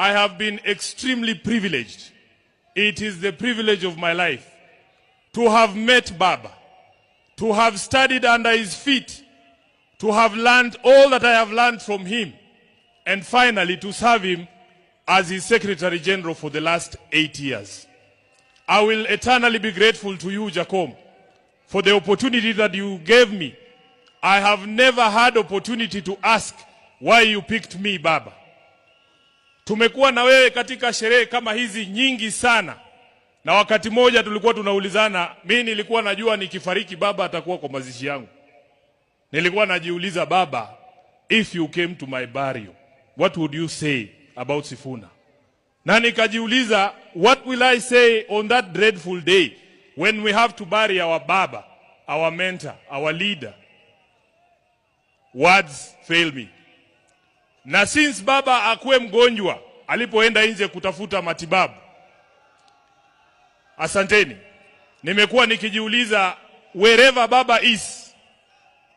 I have been extremely privileged. It is the privilege of my life to have met Baba, to have studied under his feet, to have learned all that I have learned from him, and finally to serve him as his Secretary General for the last eight years. I will eternally be grateful to you, Jacob, for the opportunity that you gave me. I have never had opportunity to ask why you picked me, Baba. Tumekuwa na wewe katika sherehe kama hizi nyingi sana, na wakati mmoja tulikuwa tunaulizana, mi nilikuwa najua nikifariki baba atakuwa kwa mazishi yangu. Nilikuwa najiuliza baba, if you came to my burial what would you say about Sifuna? Na nikajiuliza what will I say on that dreadful day when we have to bury our baba, our mentor, our leader. Words fail me na since baba akuwe mgonjwa alipoenda nje kutafuta matibabu. Asanteni, nimekuwa nikijiuliza wherever baba is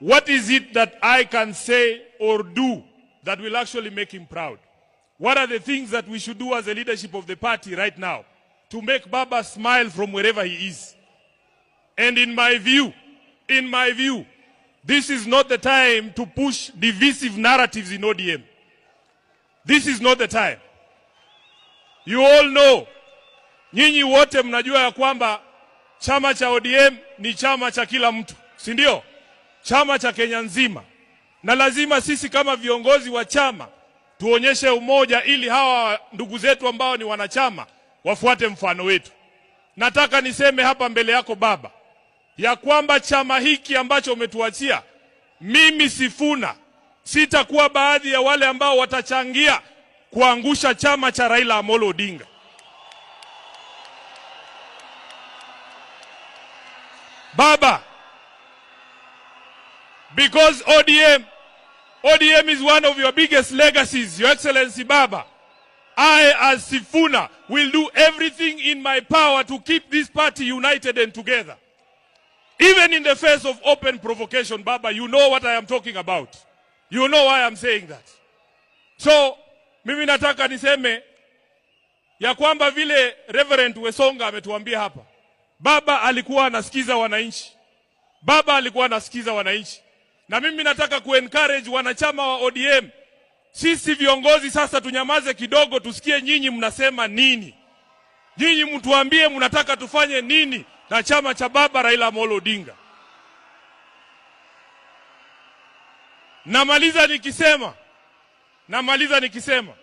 what is it that I can say or do that will actually make him proud? What are the things that we should do as a leadership of the party right now to make Baba smile from wherever he is? And in my view, in my view, this is not the time to push divisive narratives in ODM. This is not the time. You all know, nyinyi wote mnajua ya kwamba chama cha ODM ni chama cha kila mtu, si ndio? Chama cha Kenya nzima, na lazima sisi kama viongozi wa chama tuonyeshe umoja, ili hawa ndugu zetu ambao ni wanachama wafuate mfano wetu. Nataka niseme hapa mbele yako baba, ya kwamba chama hiki ambacho umetuachia, mimi Sifuna sitakuwa baadhi ya wale ambao watachangia kuangusha chama cha Raila Amolo Odinga. Baba, because ODM, ODM is one of your biggest legacies, Your Excellency Baba. I, as Sifuna, will do everything in my power to keep this party united and together. Even in the face of open provocation, Baba, you know what I am talking about. You know why I'm saying that. So mimi nataka niseme ya kwamba vile Reverend Wesonga ametuambia hapa, baba alikuwa anasikiza wananchi, baba alikuwa anasikiza wananchi, na mimi nataka kuencourage wanachama wa ODM, sisi viongozi sasa tunyamaze kidogo, tusikie nyinyi mnasema nini, nyinyi mtuambie mnataka tufanye nini na chama cha baba Raila Amolo Odinga. Namaliza nikisema namaliza nikisema